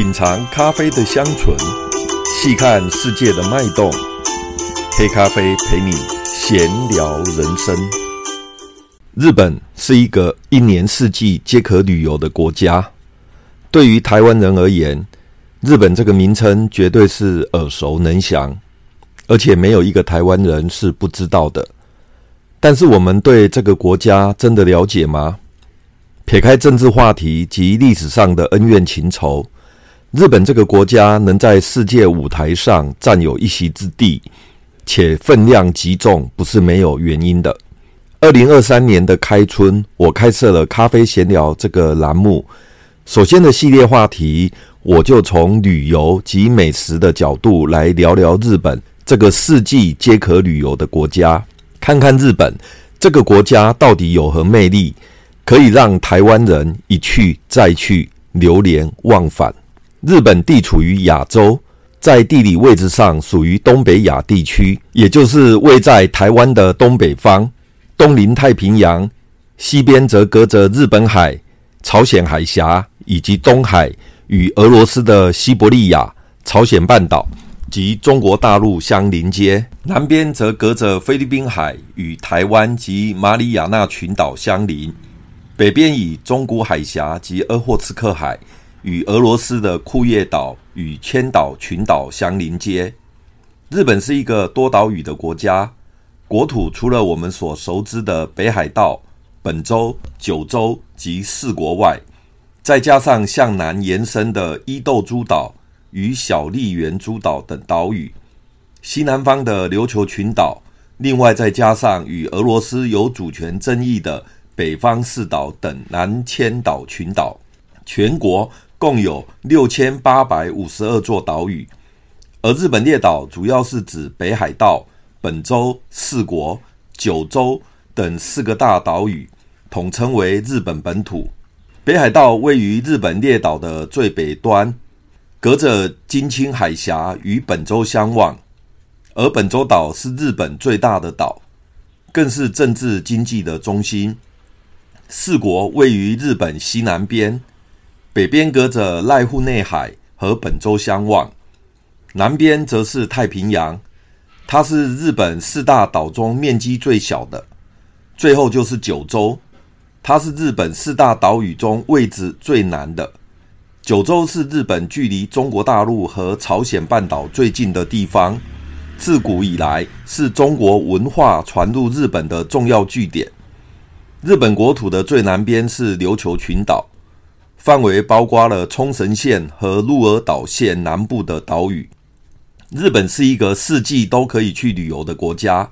品嚐咖啡的香醇，細看世界的脈動。黑咖啡陪你閒聊人生。日本是一個一年四季皆可旅遊的國家。對於台灣人而言，日本這個名稱絕對是耳熟能詳，而且沒有一個台灣人是不知道的。但是，我們對這個國家真的了解嗎？撇開政治話題及歷史上的恩怨情仇。日本這個國家能在世界舞台上佔有一席之地，且分量極重，不是沒有原因的。二零二三年的開春，我開設了“咖啡閒聊”這個欄目。首先的系列話題，我就從旅遊及美食的角度來聊聊日本這個四季皆可旅遊的國家，看看日本這個國家到底有何魅力，可以讓台灣人一去再去，流連忘返。日本地處於亞洲，在地理位置上屬於東北亞地區，也就是位在台灣的東北方。東臨太平洋，西邊則隔着日本海、朝鮮海峽以及東海，與俄羅斯的西伯利亞、朝鮮半島及中國大陸相連接。南邊則隔着菲律賓海，與台灣及馬里亞納群島相鄰。北邊以中國海峽及鄂霍次克海。與俄羅斯的庫頁島與千島群島相連接。日本是一個多島嶼的國家，國土除了我們所熟知的北海道、本州、九州及四國外，再加上向南延伸的伊豆諸島與小笠原諸島等島嶼，西南方的琉球群島，另外再加上與俄羅斯有主權爭議的北方四島等南千島群島，全國，共有六千八百五十二座島嶼，而日本列島主要是指北海道、本州、四國、九州等四個大島嶼，統稱為日本本土。北海道位於日本列島的最北端，隔着津輕海峽與本州相望，而本州島是日本最大的島，更是政治經濟的中心。四國位於日本西南邊。北邊隔着瀨戶內海和本州相望，南邊則是太平洋。它是日本四大島中面積最小的。最後就是九州，它是日本四大島嶼中位置最南的。九州是日本距離中國大陸和朝鮮半島最近的地方，自古以來是中國文化傳入日本的重要據點。日本國土的最南邊是琉球群島。範圍包括了沖繩縣和鹿兒島縣南部的島嶼。日本是一個四季都可以去旅遊的國家，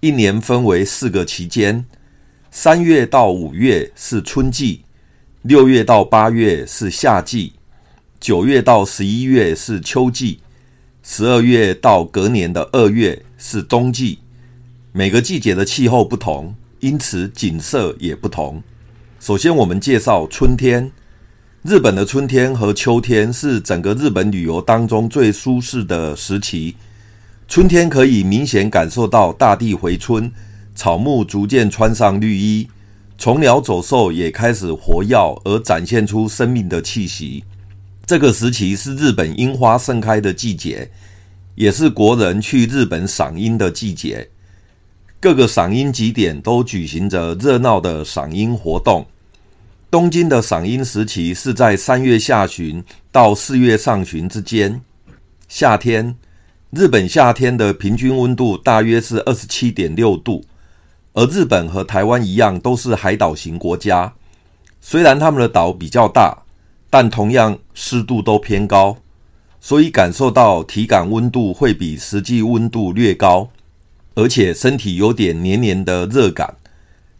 一年分為四個期間：三月到五月是春季，六月到八月是夏季，九月到十一月是秋季，十二月到隔年的二月是冬季。每個季節的氣候不同，因此景色也不同。首先我們介紹春天。日本的春天和秋天是整個日本旅遊當中最舒適的時期。春天可以明顯感受到大地回春，草木逐漸穿上綠衣，蟲鳥走獸也開始活躍，而展現出生命的氣息。這個時期是日本櫻花盛開的季節，也是國人去日本賞櫻的季節。各個賞櫻景點都舉行着熱鬧的賞櫻活動。東京的賞櫻時期是在三月下旬到四月上旬之間。夏天，日本夏天的平均溫度大約是二十七點六度。而日本和台灣一樣，都是海島型國家。雖然他們的島比較大，但同樣濕度都偏高，所以感受到體感溫度會比實際溫度略高，而且身體有點黏黏的熱感。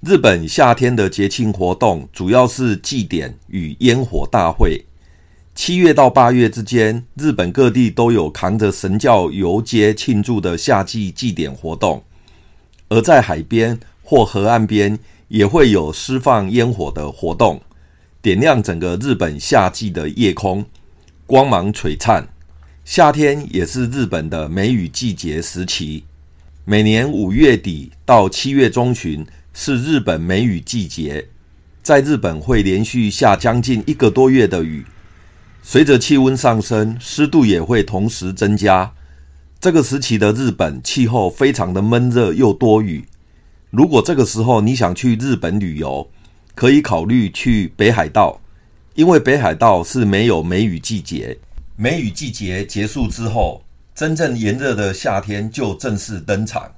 日本夏天的節慶活動主要是祭典與煙火大會。七月到八月之間，日本各地都有扛着神轎遊街慶祝的夏季祭典活動，而在海邊或河岸邊，也會有釋放煙火的活動，點亮整個日本夏季的夜空，光芒璀璨。夏天也是日本的梅雨季節時期，每年五月底到七月中旬。是日本梅雨季節，在日本會連續下將近一個多月的雨。隨着氣溫上升，濕度也會同時增加。這個時期的日本氣候非常的悶熱又多雨。如果這個時候你想去日本旅遊，可以考慮去北海道，因為北海道是沒有梅雨季節。梅雨季節結束之後，真正炎熱的夏天就正式登場。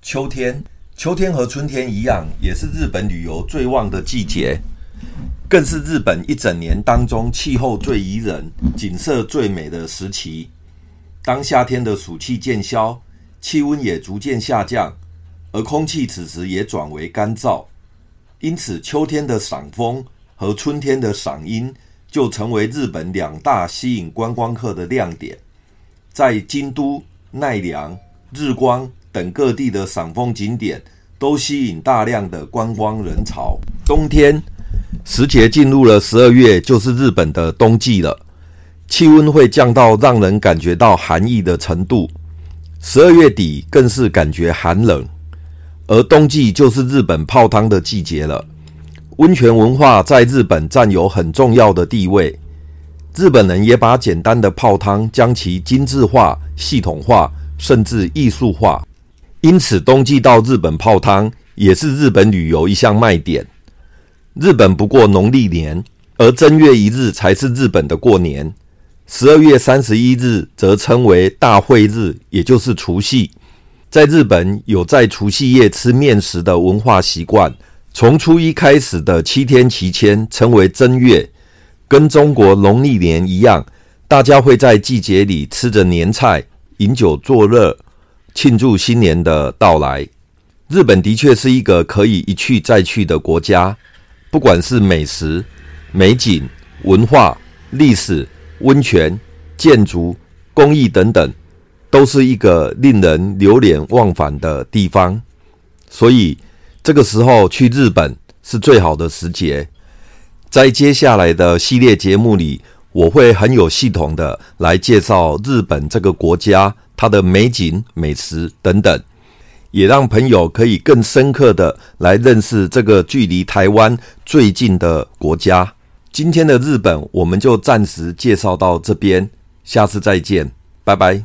秋天。秋天和春天一樣，也是日本旅遊最旺的季節，更是日本一整年當中氣候最宜人、景色最美的時期。當夏天的暑氣漸消，氣溫也逐漸下降，而空氣此時也轉為乾燥，因此秋天的賞楓和春天的賞櫻就成為日本兩大吸引觀光客的亮點。在京都、奈良、日光。等各地的賞楓景點都吸引大量的觀光人潮。冬天時節進入了十二月，就是日本的冬季了，氣溫會降到讓人感覺到寒意的程度。十二月底更是感覺寒冷，而冬季就是日本泡湯的季節了。溫泉文化在日本佔有很重要的地位，日本人也把簡單的泡湯，將其精致化、系統化，甚至藝術化。因此，冬季到日本泡湯也是日本旅遊一項賣點。日本不過農曆年，而正月一日才是日本的過年。十二月三十一日則稱為大晦日，也就是除夕。在日本有在除夕夜吃麵食的文化習慣。從初一開始的七天期間稱為正月，跟中國農曆年一樣，大家會在季節裡吃着年菜，飲酒作樂。慶祝新年的到來，日本的確是一個可以一去再去的國家。不管是美食、美景、文化、歷史、溫泉、建築、工藝等等，都是一個令人流連忘返的地方。所以，這個時候去日本是最好的時節。在接下來的系列節目裡，我會很有系統的來介紹日本這個國家。它的美景、美食等等，也讓朋友可以更深刻的來認識這個距離台灣最近的國家。今天的日本，我們就暫時介紹到這邊，下次再見，拜拜。